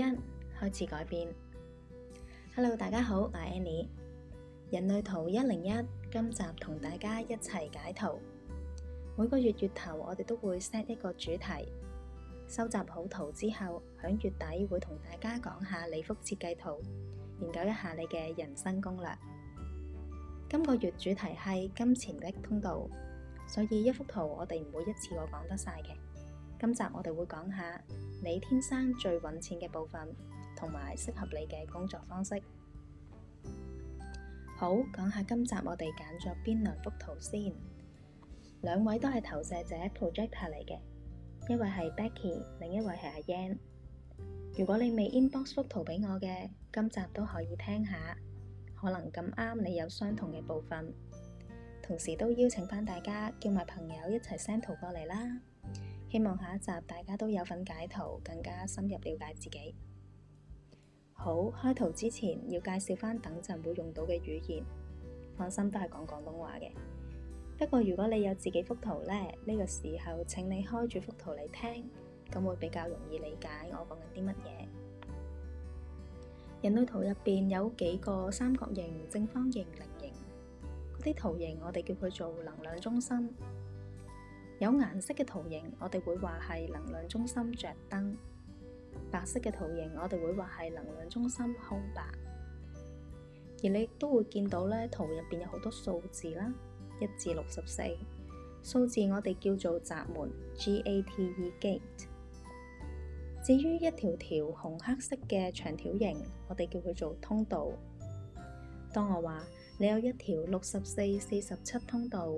一開始改變。Hello，大家好，我係 Annie。人類圖一零一，今集同大家一齊解圖。每個月月頭我哋都會 set 一個主題，收集好圖之後，喺月底會同大家講下你幅設計圖，研究一下你嘅人生攻略。今個月主題係金錢的通道，所以一幅圖我哋唔會一次過講得晒嘅。今集我哋會講下。你天生最揾錢嘅部分，同埋適合你嘅工作方式。好，講下今集我哋揀咗邊兩幅圖先。兩位都係投射者 （projector） 嚟嘅，一位係 Becky，另一位係阿 Yan。如果你未 inbox 幅圖畀我嘅，今集都可以聽下，可能咁啱你有相同嘅部分。同時都邀請返大家叫埋朋友一齊 send 圖過嚟啦。希望下一集大家都有份解圖，更加深入了解自己。好，開圖之前要介紹翻等陣會用到嘅語言，放心都係講廣東話嘅。不過如果你有自己幅圖呢，呢、呢個時候請你開住幅圖嚟聽，咁會比較容易理解我講緊啲乜嘢。人類圖入邊有幾個三角形、正方形、菱形嗰啲圖形，我哋叫佢做能量中心。有顏色嘅圖形，我哋會話係能量中心着燈；白色嘅圖形，我哋會話係能量中心空白。而你都會見到咧，圖入邊有好多數字啦，一至六十四。64，數字我哋叫做閘門、G A T E, （gate）。至於一條條紅黑色嘅長條形，我哋叫佢做通道。當我話你有一條六十四四十七通道，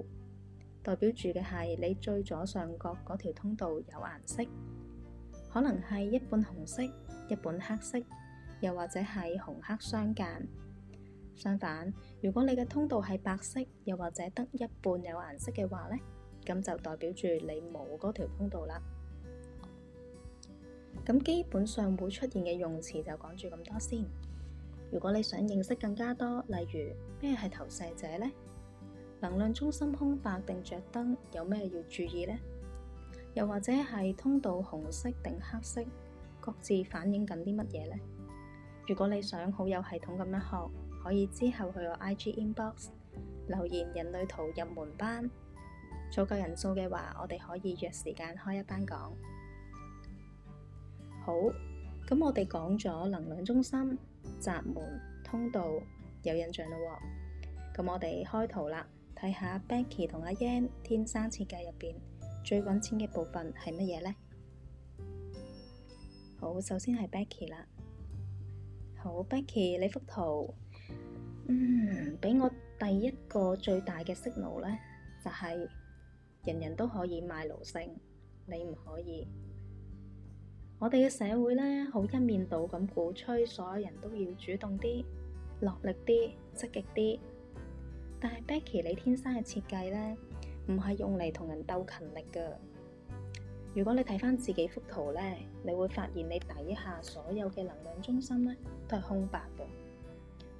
代表住嘅係你最左上角嗰條通道有顏色，可能係一半紅色、一半黑色，又或者係紅黑相間。相反，如果你嘅通道係白色，又或者得一半有顏色嘅話呢，咁就代表住你冇嗰條通道啦。咁基本上會出現嘅用詞就講住咁多先。如果你想認識更加多，例如咩係投射者呢？能量中心空白定着燈有咩要注意呢？又或者係通道紅色定黑色，各自反映緊啲乜嘢呢？如果你想好有系統咁樣學，可以之後去我 IG inbox 留言人類圖入門班，儲夠人數嘅話，我哋可以約時間開一班講。好，咁我哋講咗能量中心、閘門、通道，有印象咯、哦。咁我哋開圖啦。睇下 Becky 同阿 Yan 天生設計入邊最揾錢嘅部分係乜嘢呢？好，首先係 Becky 啦。好，Becky，你幅圖，嗯，俾我第一個最大嘅 signal 呢，就係、是、人人都可以賣奴性，你唔可以。我哋嘅社會呢，好一面倒咁鼓吹，所有人都要主動啲、落力啲、積極啲。但係，Becky，你天生嘅設計呢，唔係用嚟同人鬥勤力嘅。如果你睇翻自己幅圖呢，你會發現你底下所有嘅能量中心呢，都係空白嘅，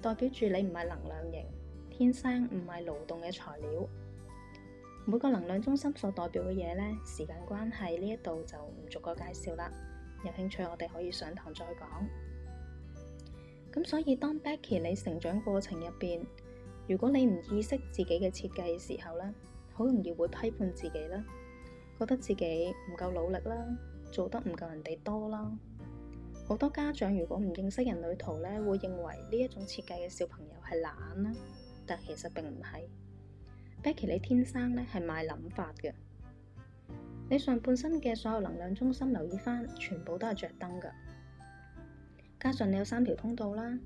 代表住你唔係能量型，天生唔係勞動嘅材料。每個能量中心所代表嘅嘢呢，時間關係呢一度就唔逐個介紹啦。有興趣我哋可以上堂再講。咁所以當 Becky 你成長過程入邊，如果你唔意識自己嘅設計嘅時候呢，好容易會批判自己啦，覺得自己唔夠努力啦，做得唔夠人哋多啦。好多家長如果唔認識人旅途呢，會認為呢一種設計嘅小朋友係懶啦，但其實並唔係。Becky，你天生呢係賣諗法嘅，你上半身嘅所有能量中心留意返，全部都係着燈噶，加上你有三條通道啦。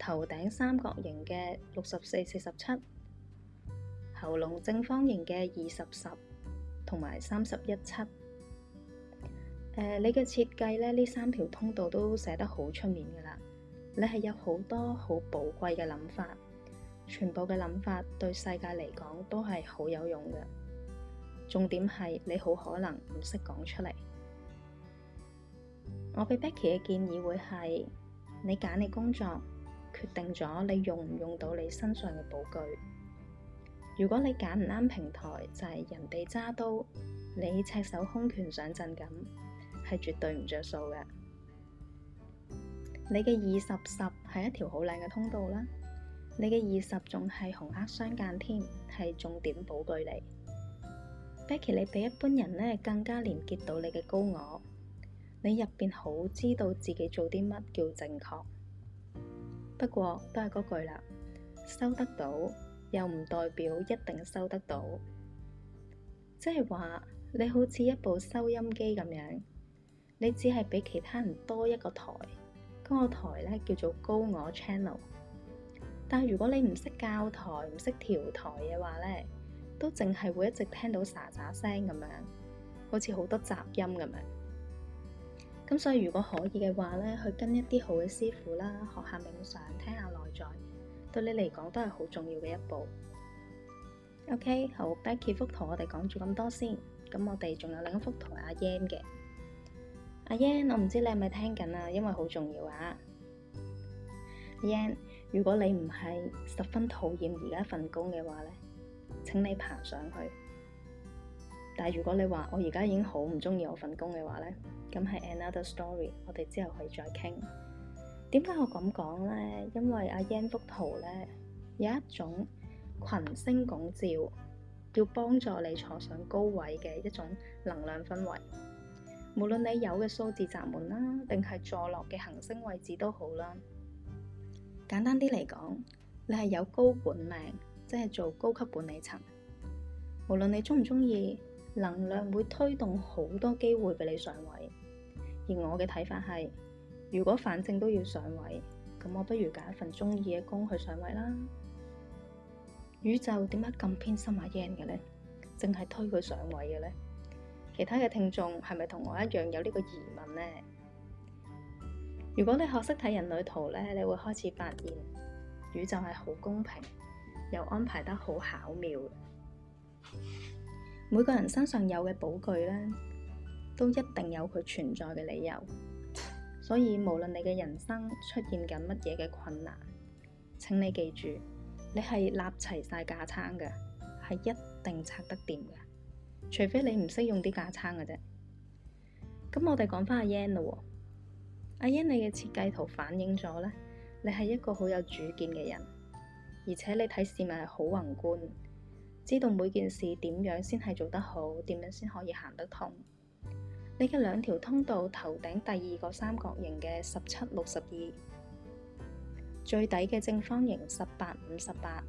頭頂三角形嘅六十四四十七，47, 喉嚨正方形嘅二十十，同埋三十一七。誒，你嘅設計呢，呢三條通道都寫得好出面㗎喇。你係有好多好寶貴嘅諗法，全部嘅諗法對世界嚟講都係好有用嘅。重點係你好可能唔識講出嚟。我俾 Becky 嘅建議會係你揀你工作。決定咗你用唔用到你身上嘅寶具。如果你揀唔啱平台，就係、是、人哋揸刀，你赤手空拳上陣咁，係絕對唔着數嘅你嘅二十十係一條好靚嘅通道啦，你嘅二十仲係紅黑相間添，係重點寶具嚟。 Becky，你比一般人呢更加連結到你嘅高我，你入邊好知道自己做啲乜叫正確。不過都係嗰句啦，收得到又唔代表一定收得到，即係話你好似一部收音機咁樣，你只係比其他人多一個台，嗰、那個台呢叫做高我 channel，但係如果你唔識校台唔識調台嘅話呢，都淨係會一直聽到喳喳聲咁樣，好似好多雜音咁樣。咁、嗯、所以如果可以嘅話呢，去跟一啲好嘅師傅啦，學下冥想，聽下內在，對你嚟講都係好重要嘅一步。OK，好，第一幅圖我哋講住咁多先。咁我哋仲有另一幅圖阿 Yan 嘅。阿 Yan，我唔知你係咪聽緊啊？因為好重要啊。阿 Yan，如果你唔係十分討厭而家份工嘅話呢，請你爬上去。但係如果你話我而家已經好唔中意我份工嘅話呢，咁係 another story。我哋之後可以再傾。點解我咁講呢？因為阿 En 幅圖呢，有一種群星拱照，要幫助你坐上高位嘅一種能量氛圍。無論你有嘅數字閘門啦，定係坐落嘅行星位置都好啦。簡單啲嚟講，你係有高本命，即係做高級管理層，無論你中唔中意。能量會推動好多機會俾你上位，而我嘅睇法係，如果反正都要上位，咁我不如揀一份中意嘅工去上位啦。宇宙點解咁偏心啊？贏嘅呢？淨係推佢上位嘅呢？其他嘅聽眾係咪同我一樣有呢個疑問呢？如果你學識睇人類圖呢，你會開始發現，宇宙係好公平，又安排得好巧妙。每個人身上有嘅寶具呢，都一定有佢存在嘅理由。所以無論你嘅人生出現緊乜嘢嘅困難，請你記住，你係立齊晒架撐嘅，係一定拆得掂嘅，除非你唔識用啲架撐嘅啫。咁我哋講翻阿 Yan 啦，阿、啊、Yan 你嘅設計圖反映咗呢，你係一個好有主見嘅人，而且你睇事物係好宏觀。知道每件事點樣先係做得好，點樣先可以行得通。你嘅兩條通道，頭頂第二個三角形嘅十七六十二，最底嘅正方形十八五十八。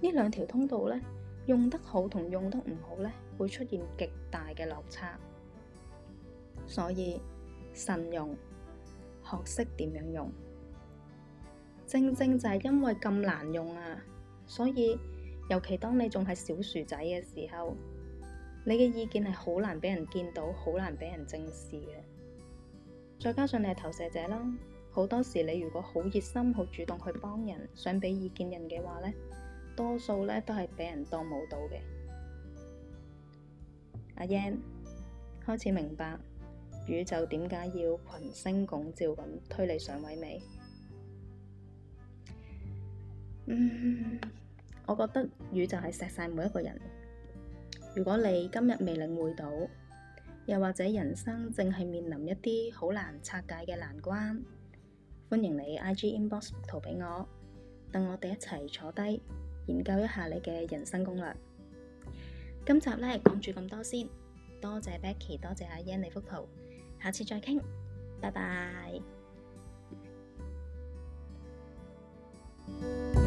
呢兩條通道呢，用得好同用得唔好呢，會出現極大嘅落差。所以慎用，學識點樣用。正正就係因為咁難用啊，所以。尤其當你仲係小薯仔嘅時候，你嘅意見係好難俾人見到，好難俾人正視嘅。再加上你係投射者啦，好多時你如果好熱心、好主動去幫人、想俾意見人嘅話呢，多數呢都係俾人當冇到嘅。阿 Yan 開始明白宇宙點解要群星拱照咁推你上位未？嗯。我覺得宇宙係錫晒每一個人。如果你今日未領會到，又或者人生正係面臨一啲好難拆解嘅難關，歡迎你 IG inbox 幅圖俾我，等我哋一齊坐低研究一下你嘅人生攻略。今集呢，講住咁多先，多謝 Becky，多謝阿 Yan 你幅圖，下次再傾，拜拜。